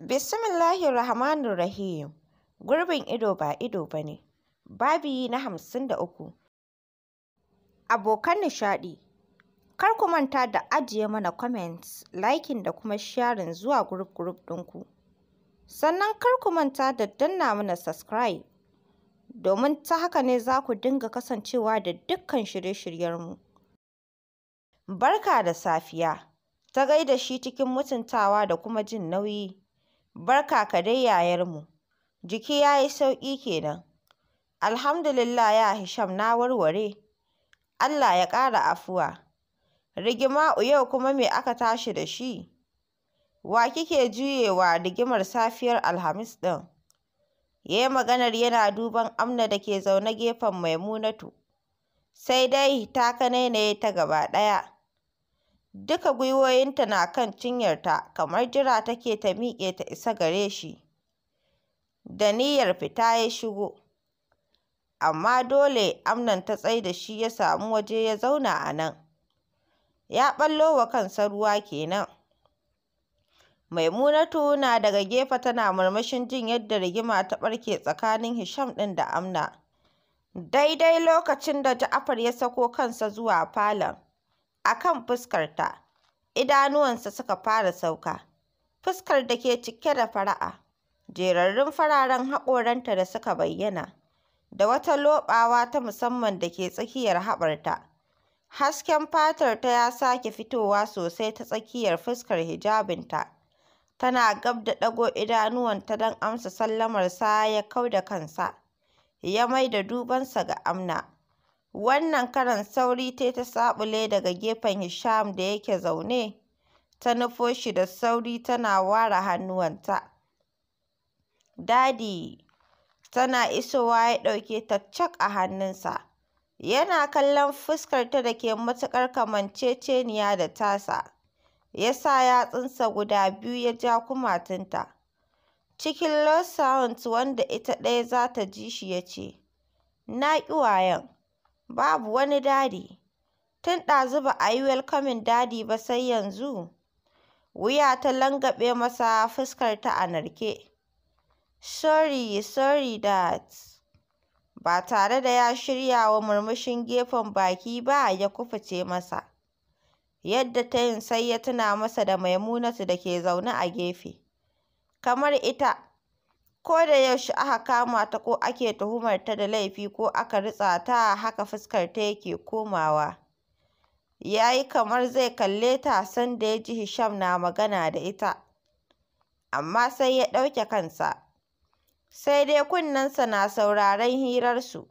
Bismillahirrahmanirrahim. Gurbin ido ba ido ba ne. Babi na hamsin da uku. Abokan nishaɗi. Kar ku manta da ajiye mana comments, liking da kuma sharing zuwa group group ɗinku. Sannan kar ku manta da danna mana subscribe. Domin ta haka ne za ku dinga kasancewa da dukkan shirye-shiryenmu. Barka da safiya. Ta gaida shi cikin mutuntawa da kuma jin nauyi. Barka ka dai yayarmu, jiki ya yi sauƙi kenan. Alhamdulillah ya Hisham na warware, Allah ya ƙara afuwa. Rigima'u yau kuma me aka tashi da shi? Wa kike juyewa rigimar safiyar Alhamis ɗin? Ya yi maganar yana duban Amna da ke zaune gefen Maimunatu, sai dai ta kanainaye ta gaba ɗaya. Duka gwiwoyinta na kan cinyarta kamar jira take ta miƙe ta isa gare shi, da niyyar fita ya shigo, amma dole Amnan ta tsai da shi ya samu waje ya zauna a nan, ya ɓallo wa kansa ruwa kenan. Maimunatu na daga gefe tana murmushin jin yadda rigima ta ɓarke tsakanin Hisham ɗin da Amna, daidai lokacin da Ja'afar ya sako kansa zuwa falon. a kan fuskarta idanuwansa suka fara sauka fuskar da ke cike da fara'a jerarrun fararen haƙoranta da suka bayyana da wata loɓawa ta musamman da ke tsakiyar haɓarta hasken fatarta ya sake fitowa sosai ta tsakiyar fuskar hijabinta tana gab da ɗago idanuwanta don amsa sallamar sa ya kau da kansa ya mai da dubansa ga Amna Wannan karan sauri tai ta saɓule daga gefen Hisham da yake zaune, ta nufo shi da sauri tana ware hannuwanta. Dadi Tana isowa ya ɗauke ta cak a hannunsa, yana kallon fuskarta da ke matuƙar kamanceceniya da tasa, ya sa yatsunsa guda biyu ya ja kumatunta. Cikin low sounds wanda ita ɗaya za ta ji shi ya ce, “Na ƙi wayen. Babu wani Dadi, tun ɗazu ba a yi welkomin Dadi ba sai yanzu, wuya ta langaɓe masa, fuskar ta a narke. Sorry, sorry Dad. Ba tare da ya shirya wa murmushin gefen baki ba ya kufuce masa, yadda ta yin sai ya tuna masa da Maimunatu da ke zaune a gefe, kamar ita ko da yaushe aka kama ta ko ake tuhumar ta da laifi ko aka ritsa ta haka fuskar ta yake komawa ya yi kamar zai kalle ta sanda ya ji Hisham na magana da ita amma sai ya ɗauke kansa sai dai kunnensa na sauraren hirarsu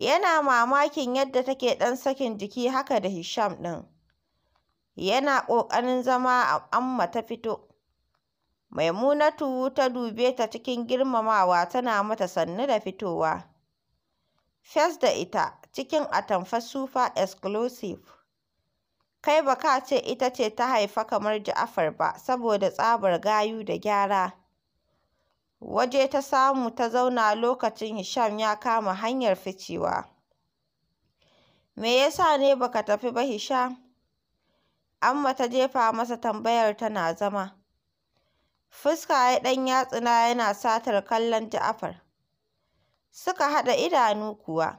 yana mamakin yadda take ɗan sakin jiki haka da Hisham ɗin yana ƙoƙarin zama amma ta fito Maimunatu ta dube ta cikin girmamawa tana mata sannu da fitowa. Fes da ita cikin atamfa super exclusive. Kai ba ka ce ita ce ta haifa kamar Ja'afar ba saboda tsabar gayu da gyara. Waje ta samu ta zauna lokacin Hisham ya kama hanyar ficewa. Me yasa ne baka tafi ba Hisham? Amma ta jefa masa tambayar tana zama. Fuska ya ɗan yatsuna yana satar kallon Ja'afar, suka haɗa idanu kuwa,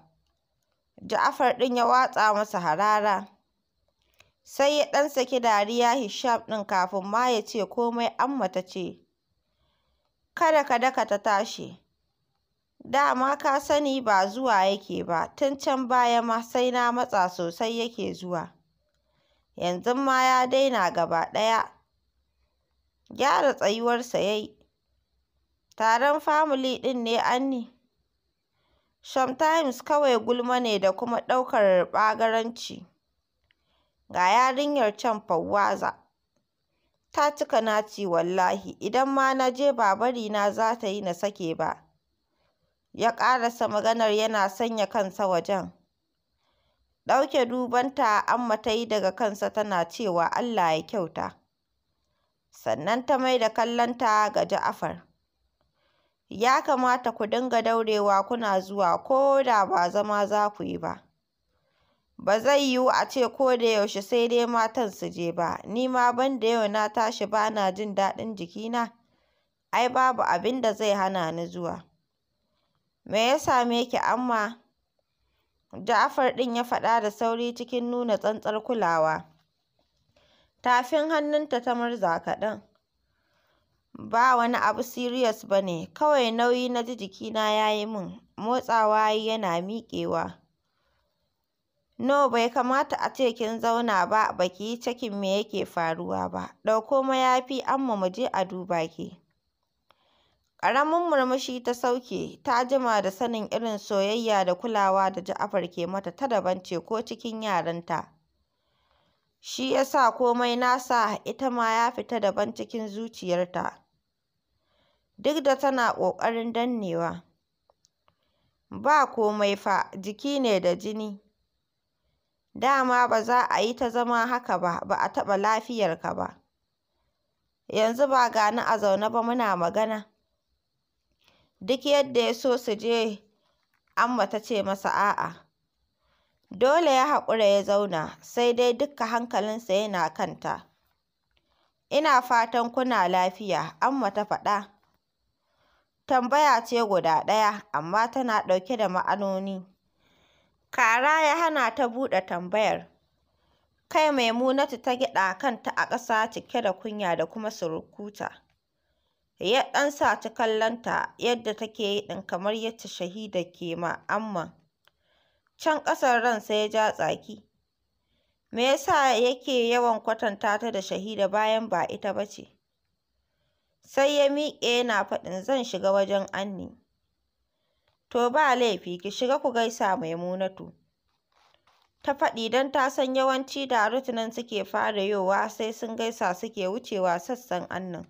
Ja'afar ɗin ya watsa masa harara, sai ya ɗan saki dariya Hisham ɗin kafin ma ya ce komai Amma ta ce, kada ka daka ta tashi, Dama ka sani ba zuwa yake ba, tun can baya ma sai na matsa sosai yake zuwa, yanzu ma ya daina gaba ɗaya. Gyara tsayuwarsa ya yi. Taron famili ɗin ne Annie? Sometimes kawai gulma ne da kuma ɗaukar ɓagaranci. Ga yarinyar can Fawwaza, ta cika naci wallahi, idan ma na je ba barina za ta yi na sake ba. Ya ƙarasa maganar yana sanya kansa wajen. Ɗauke dubanta Amma ta yi daga kansa tana cewa Allah ya kyauta. sannan ta mai da kallonta ga Ja'afar. Ya kamata ku dinga daurewa kuna zuwa ko da ba zama za ku yi ba. Ba zai yiwu a ce ko da yaushe sai dai matan su je ba, ni ma ban da yau na tashi ba na jin daɗin jikina, ai babu abin da zai hana ni zuwa. Me ya same ki amma? Ja'afar ɗin ya faɗa da sauri cikin nuna tsantsar kulawa. tafin hannunta ta murza kaɗan ba wani abu sirius ba ne kawai nauyi na ji jikina ya yi min motsawa yana miƙewa no bai kamata a ce kin zauna ba ba ki yi cakin me yake faruwa ba ɗauko mayafi amma mu je a duba ki ƙaramin murmushi ta sauke ta jima da sanin irin soyayya da kulawa da ja'afar ke mata ta daban ce ko cikin yaranta Shi ya sa komai nasa ita ma ya fita daban cikin zuciyarta, duk da tana ƙoƙarin dannewa. Ba komai fa, jiki ne da jini. Dama ba za a yi ta zama haka ba, ba a taɓa lafiyar ka ba. Yanzu ba gani a zaune ba muna magana. Duk yadda ya so su je, Amma ta ce masa a'a. Dole ya haƙura ya zauna, sai dai dukka hankalinsa yana kanta. Ina fatan kuna lafiya, Amma ta faɗa. Tambaya ce guda ɗaya, amma tana ɗauke da ma'anoni. Kara ya hana ta buɗe tambayar. Kai Maimunatu ta gyaɗa kanta a ƙasa cike da kunya da kuma surukuta. Ya ɗan saci kallonta yadda take yi ɗin kamar yadda Shahida ke ma Amman. Can ƙasar ransa ya ja tsaki. Me yasa yake yawan kwatanta ta da shahida bayan ba ita ba ce? Sai ya miƙe yana faɗin zan shiga wajen Anni. To ba laifi ki shiga ku gaisa Maimunatu. Ta faɗi don ta san yawanci da rutunan suke fara yowa sai sun gaisa suke wucewa sassan Annan.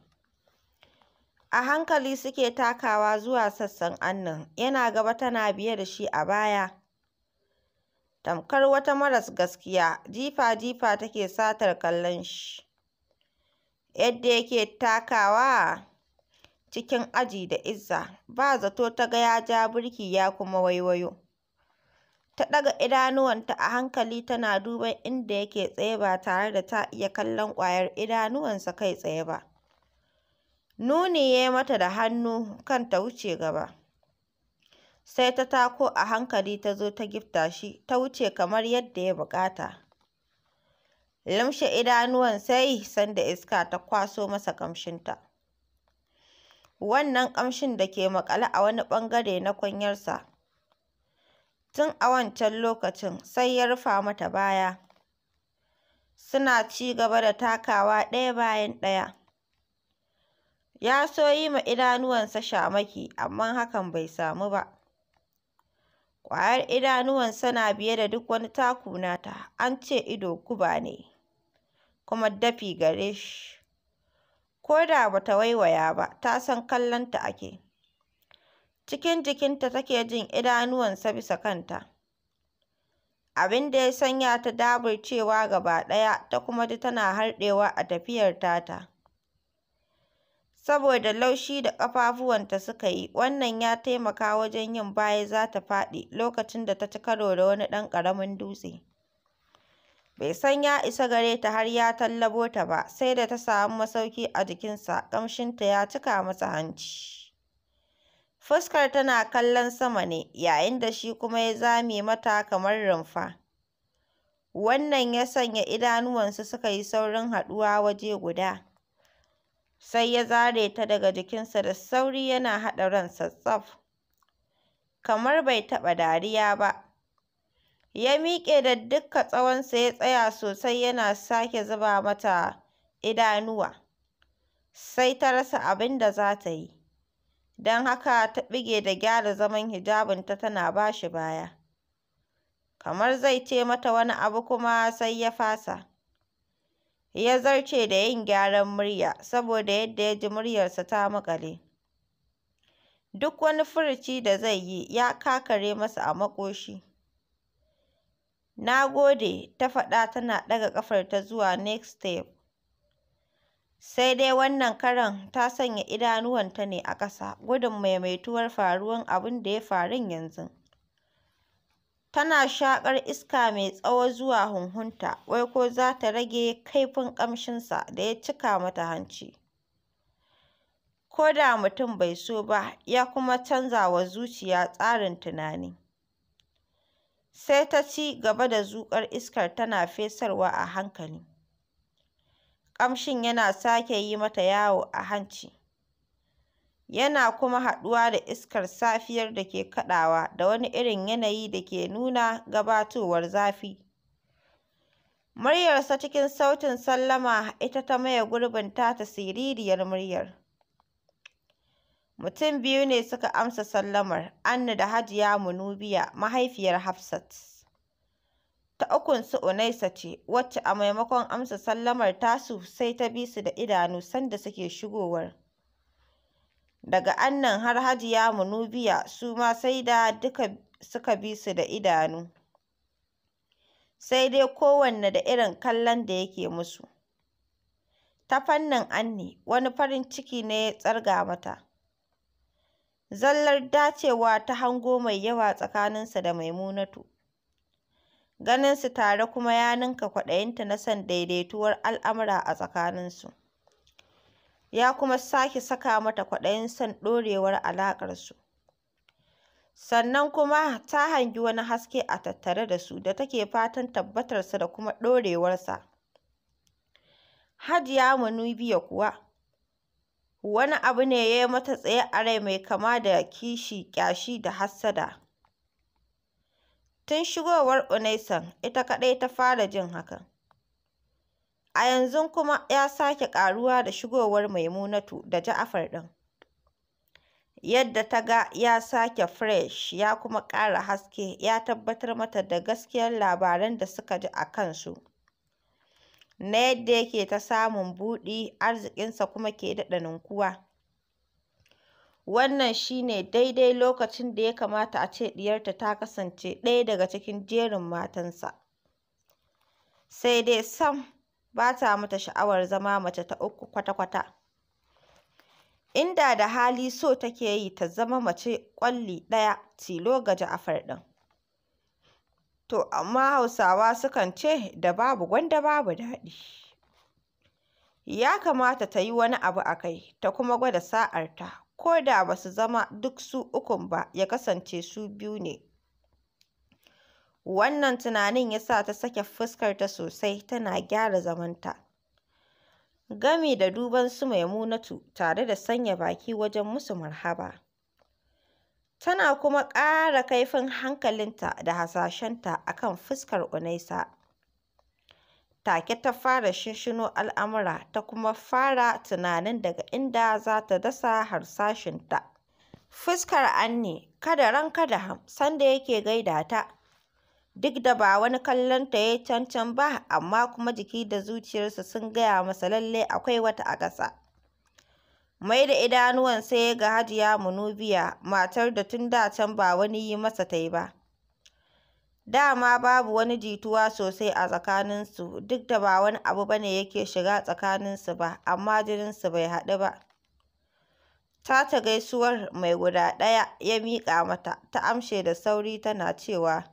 A hankali suke takawa zuwa sassan Annan, yana gaba tana biye da shi a baya. tamkar wata maras gaskiya jifa-jifa take satar kallon shi yadda yake takawa cikin aji da izza ba zato ta ga ya ja birki ya kuma waiwayo ta ɗaga idanuwanta a hankali tana duban inda yake tsaye ba tare da ta iya kallon ƙwayar idanuwansa kai tsaye ba nuni ya yi mata da hannu kan ta wuce gaba sai ta tako a hankali ta zo ta gifta shi ta wuce kamar yadda ya buƙata. lamshe idanuwan sai sanda iska ta kwaso masa ƙamshinta. Wannan ƙamshin da ke maƙale a wani ɓangare na kwanyarsa. Tun a wancan lokacin sai ya rufa mata baya. Suna ci gaba da takawa ɗaya bayan ɗaya. Ya so yi ma idanuwansa shamaki amma hakan bai samu ba. Ƙwayar idanuwansa na biye da duk wani taku nata, an ce ido guba ne kuma dafi gare shi, ko da bata waiwaya ba ta san kallonta ake, cikin jikinta take jin idanuwansa bisa kanta, abin da ya sanya ta daburcewa gaba ɗaya ta kuma ji tana harɗewa a tafiyar tata. saboda laushi da ƙafafuwanta suka yi, wannan ya taimaka wajen yin baya za ta faɗi lokacin da ta ci karo da wani ɗan ƙaramin dutse. Bai san ya isa gare ta har ya tallabo ta ba, sai da ta samu masauki a jikinsa, ƙamshinta ya cika masa hanci. Fuskar tana kallon sama ne, yayin da shi kuma ya zame mata kamar rumfa. Wannan ya sanya idanuwansu suka yi saurin haɗuwa waje guda. sai ya zare ta daga jikinsa da sauri yana haɗa ransa tsaf kamar bai taɓa dariya ba ya miƙe da dukka tsawonsa ya tsaya sosai yana sake zuba mata idanuwa sai ta rasa abin da za ta yi don haka ta ɓige da gyara zaman hijabinta tana ba shi baya kamar zai ce mata wani abu kuma sai ya fasa ya zarce da yin gyaran murya saboda yadda ya ji muryarsa ta maƙale. Duk wani furuci da zai yi ya kakare masa a maƙoshi. Na gode, ta faɗa tana ɗaga ƙafarta zuwa next step. Sai dai wannan karan ta sanya idanuwanta ne a ƙasa gudun maimaituwar faruwan abin da ya faru yanzu. Tana shaƙar iska mai tsawo zuwa huhunta, wai ko za ta rage kaifin ƙamshinsa da ya cika mata hanci. Ko da mutum bai so ba, ya kuma canza wa zuciya tsarin tunani. Sai ta ci gaba da zuƙar iskar tana fesarwa a hankali. Ƙamshin yana sake yi mata yawo a hanci. yana kuma haɗuwa da iskar safiyar da ke kaɗawa da wani irin yanayi da ke nuna gabatowar zafi. Muryarsa cikin sautin sallama ita ta maye gurbin ta siririyar muryar. Mutum biyu ne suka amsa sallamar, Anna da Hajiya Munubiya, mahaifiyar Hafsat. Ta ukunsu Unaisa ce, wacce a maimakon amsa sallamar tasu sai ta bi su da idanu sanda suke shigowar. Daga Annan har Hajiya Munubiya su ma sai da duka suka bi su da idanu, sai dai kowanne da irin kallon da yake musu. Ta fannin Anne wani farin ciki ne ya tsarga mata. Zallar dacewa ta hango mai yawa tsakaninsa da Maimunatu. Ganinsu tare kuma ya ninka kwaɗayinta na son daidaituwar al'amura a tsakaninsu. ya kuma sake saka mata kwaɗayin son ɗorewar alaƙarsu. Sannan kuma ta hangi wani haske a tattare da su da take fatan tabbatarsa da kuma ɗorewarsa. Hajiya biya kuwa wani abu ne ya yi mata tsaye a rai mai kama da kishi, ƙyashi da hassada. Tun shigowar Unaisan ita kaɗai ta fara jin hakan. A yanzu kuma ya sake ƙaruwa da shigowar Maimunatu da Ja'afar ɗin. Yadda ta ga ya sake fresh ya kuma ƙara haske ya tabbatar mata da gaskiyar labaran da suka ji a kansu. Na yadda yake ta samun buɗi arzikinsa kuma ke daɗa ninkuwa. Wannan shi ne daidai lokacin da ya kamata a ce diyarta ta kasance ɗaya daga cikin jerin matansa. Sai dai sam ba ta mata sha'awar zama mace ta uku kwata-kwata. Inda da hali so take yi ta zama mace ƙwalli ɗaya tilo ga Ja'far ɗin. To amma Hausawa sukan ce da babu gwanda babu daɗi. Ya kamata ta yi wani abu a kai ta kuma gwada sa'arta ko da ba su zama duk su ukun ba ya kasance su biyu ne Wannan tunanin ya sa ta sake fuskarta sosai tana gyara zamanta. Gami da duban su Maimunatu tare da sanya baki wajen musu marhaba. Tana kuma ƙara kaifin hankalinta da hasashenta a kan fuskar Unaisa. Take ta fara shinshino al'amura ta kuma fara tunanin daga inda za ta dasa harsashinta. Fuskar Anne kada ranka da ham sanda yake gaida ta Duk da ba wani kallon ta ya cancan ba, amma kuma jiki da zuciyarsa sun gaya masa lallai akwai wata a ƙasa. Mai da idanuwan sai ya ga Hajiya Munubiya, matar da tun da can ba wani yi masa ta yi ba. Dama babu wani jituwa sosai a tsakaninsu, duk da ba wani abu bane yake shiga tsakaninsu ba, amma jininsu bai haɗu ba. Ta ta gaisuwar mai guda ɗaya ya miƙa mata, ta amshe da sauri tana cewa,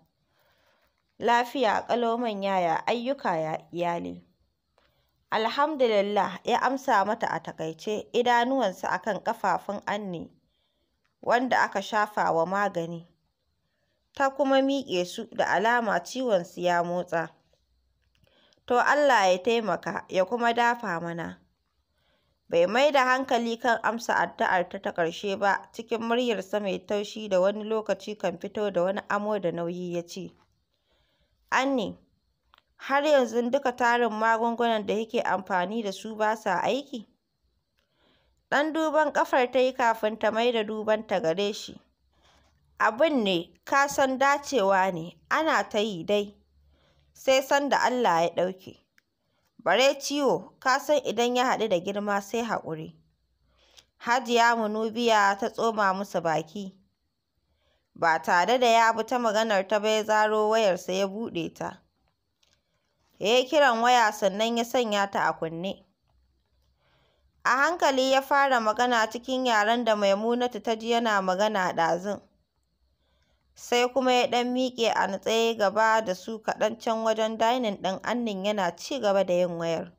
Lafiya kaloman yaya ayyuka ya iyali? Alhamdulillah ya amsa mata a takaice idanuwansa akan kan ƙafafun wanda aka shafa wa magani. Ta kuma miƙe su da alama ciwonsu ya motsa. To Allah ya taimaka ya kuma dafa mana. Bai mai da hankali kan amsa addu'ar ta ta ƙarshe ba cikin muryarsa mai taushi da wani lokaci kan fito da wani amo da nauyi ya ce. Anne: Har yanzu duka tarin magungunan da kike amfani da su ba sa aiki? ɗan duban ƙafar ta yi kafin ta mai maida ta gare shi. abin ne ka san dacewa ne, ana ta yi dai, sai sanda Allah ya ɗauke. Bare ciwo, ka san idan ya haɗu da girma sai haƙuri. Hajiya Munubiya ta tsoma musu baki. ba tare da ya bi ta maganar ta ba ya zaro wayarsa ya buɗe ta. Ya yi kiran waya sannan ya sanya ta a kunne. A hankali ya fara magana cikin yaren da Maimunatu ta ji yana magana ɗazun. Sai kuma ya ɗan miƙe a natse gaba da su kaɗan can wajen dainin ɗin Annin yana ci gaba da yin wayar.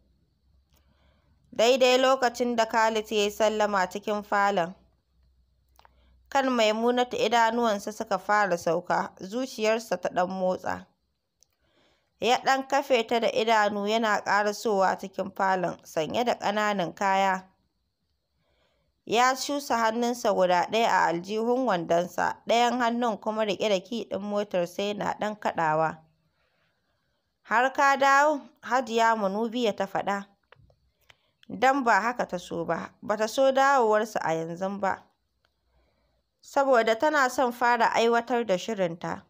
Daidai lokacin da Khalid ya yi sallama cikin falon. Kan ta idanuwansa suka fara sauka, zuciyarsa ta ɗan motsa. Ya ɗan kafe ta da idanu yana sowa cikin falon sanye da ƙananan kaya. Ya cusa hannunsa guda ɗaya a aljihun wandonsa, ɗayan hannun kuma riƙe da ki ɗin motar sai na ɗan kaɗawa. Har ka dawo? Hajiya Munubiya ta faɗa. Dan ba haka ta so ba, bata ta so dawowarsa a yanzu ba. saboda tana son fara aiwatar da shirinta.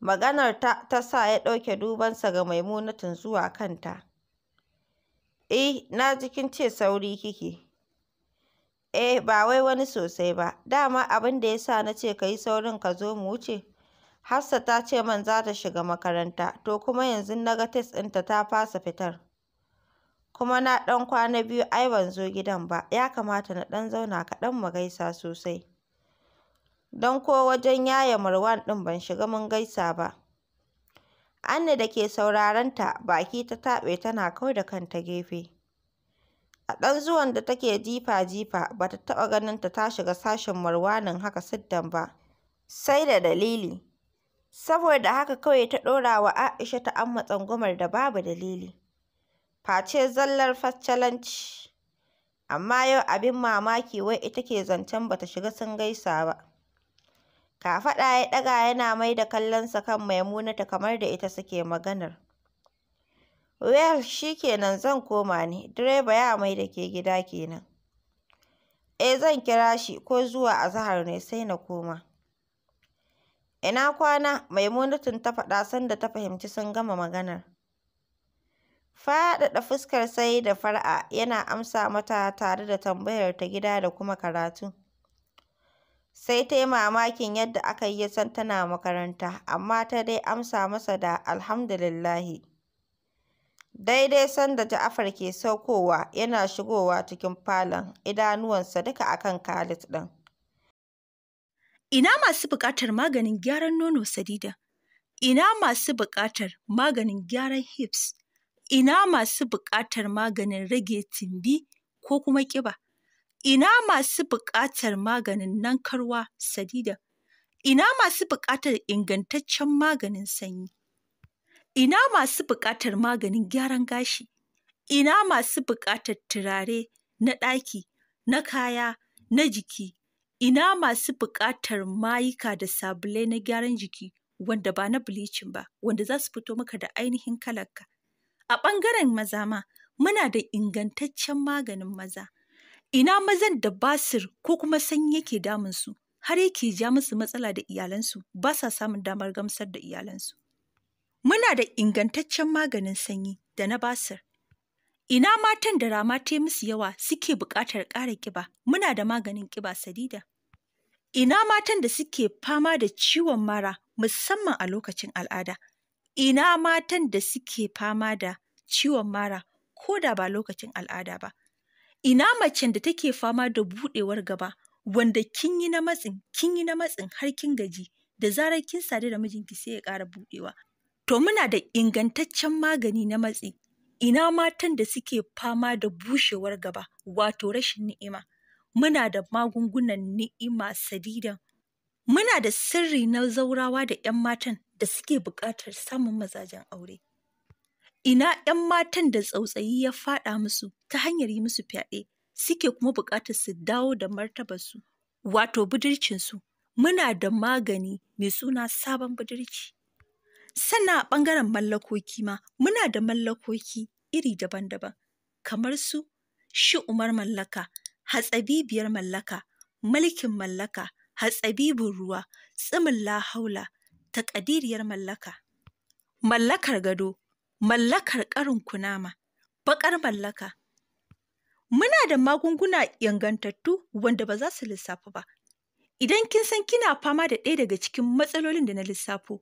Maganar ta sa ya ɗauke dubansa ga munatin zuwa kanta. E, na ji kin ce sauri kike. Eh, ba wai wani sosai ba. Dama abin da ya sa na ce ka yi saurin ka zo mu wuce. Hafsa ta ce man za ta shiga makaranta, to kuma yanzu na ga tes ɗinta ta fasa fitar. kuma na ɗan kwana biyu ai ban zo gidan ba, ya kamata na ɗan zauna kaɗan mu gaisa sosai. Don ko wajen yaye Marwan ɗin ban shiga mun gaisa ba. Anne da ke sauraron ta baki ta taɓe tana kau da kanta gefe. A ɗan zuwan da take jifa-jifa ba ta taɓa ganin ta ta shiga sashen Marwanin haka siddan ba, sai da dalili. Saboda haka kawai ta ɗora wa Aisha ta ta'amma tsangwamar da babu dalili. face zallar fascalanci Amma yau abin mamaki wai ita ke zancen bata shiga sun gaisa ba. Kafaɗa ya ɗaga yana mai da kallonsa kan maimunata kamar da ita suke maganar. Well shi kenan zan koma ne, direba ya mai da ke gida kenan. E, eh, zan kira shi ko zuwa azahar ne sai na koma. Ina kwana Maimunatun ta faɗa sanda ta fahimci sun gama maganar. Faɗaɗa fuskar sai da fara'a yana amsa mata tare da tambayar ta gida da kuma karatu. Sai ta yi mamakin yadda aka yi ya san tana makaranta, amma ta dai amsa masa da alhamdulillahi. Daidai sanda Ja'afar ke saukowa yana shigowa cikin falon, idanuwansa duka akan Khalid ɗin. Ina masu buƙatar maganin gyaran nono Sadida? Ina masu buƙatar maganin gyaran hips? ina masu buƙatar maganin rage tumbi ko kuma ƙiba, ina masu buƙatar maganin nankarwa sadida? ina masu buƙatar ingantaccen maganin sanyi, ina masu buƙatar maganin gyaran gashi, ina masu buƙatar turare na ɗaki, na kaya, na jiki, ina masu buƙatar mayuka da sabulai na gyaran jiki wanda ba na bleaching ba, wanda za su fito maka da ainihin kalarka. A ɓangaren maza ma, muna da ingantaccen maganin maza. Ina mazan da basir ko kuma sanyi yake damunsu, har yake ja musu matsala da iyalansu, ba sa samun damar gamsar da iyalansu. Muna da ingantaccen maganin sanyi da na basir. Ina matan da rama ta musu yawa suke buƙatar ƙara ƙiba, muna da maganin ƙiba sadida. Ina matan da suke fama da ciwon mara musamman a lokacin al'ada, ina matan da suke fama da ciwon mara ko da ba lokacin al'ada ba. Ina macen da take fama da buɗewar gaba wanda kin yi na matsin, kin yi na matsin har kin gaji da zarar kin sadu da mijinki sai ya ƙara buɗewa. To muna da ingantaccen magani na matsi. Ina matan da suke fama da bushewar gaba wato rashin ni'ima. Muna da magungunan ni'ima sadidan. Muna da sirri na zaurawa da 'yan matan da suke buƙatar samun mazajen aure. Ina ‘yan matan da tsautsayi ya faɗa musu ta hanyar yi musu fyaɗe suke kuma buƙatar su dawo da martabarsu, wato budurcinsu. Muna da magani mai suna sabon budurci. Sannan a ɓangaren mallakoki ma, muna da mallakoki iri daban-daban, kamar su shi umar mallaka, hatsabibiyar mallaka, mulkin mallaka, hatsabibin ruwa, tsimin lahaula, taƙadiriyar mallaka. Mallakar gado mallakar ƙarin kunama, baƙar mallaka. Muna da magunguna yangantattu wanda ba za su lissafu ba. Idan kin san kina fama da ɗaya daga cikin matsalolin da na lissafo,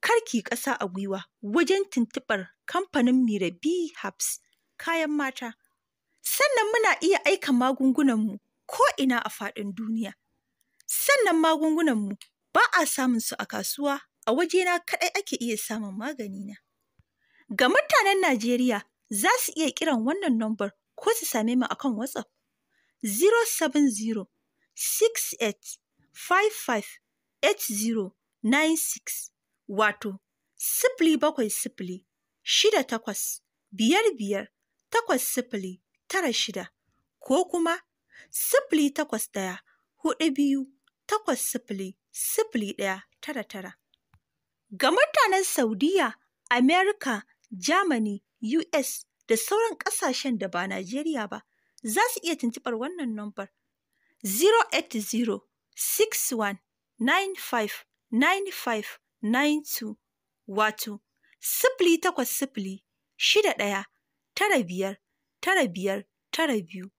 kar ki ƙasa a gwiwa wajen tuntuɓar kamfanin Mirabi B Hubs kayan mata. Sannan muna iya aika magungunanmu ko ina a faɗin duniya. Sannan magungunanmu ba a samun su a kasuwa, a wajena kaɗai ake iya samun magani na. Ga mutanen Najeriya za su iya kiran wannan nombar ko su same mu akan WhatsApp 070 68 55 wato sifili bakwai sifili shida takwas biyar biyar takwas sifili tara shida ko kuma sifili takwas ɗaya hudu biyu takwas sifili sifili ɗaya tara tara. Ga mutanen Saudiya, Amerika Germany, US da sauran ƙasashen da ba Najeriya ba za su iya tuntuɓar wannan lambar 080 61 95 95 92 wato sifili takwas sifili shida ɗaya tara biyar tara biyar tara biyu.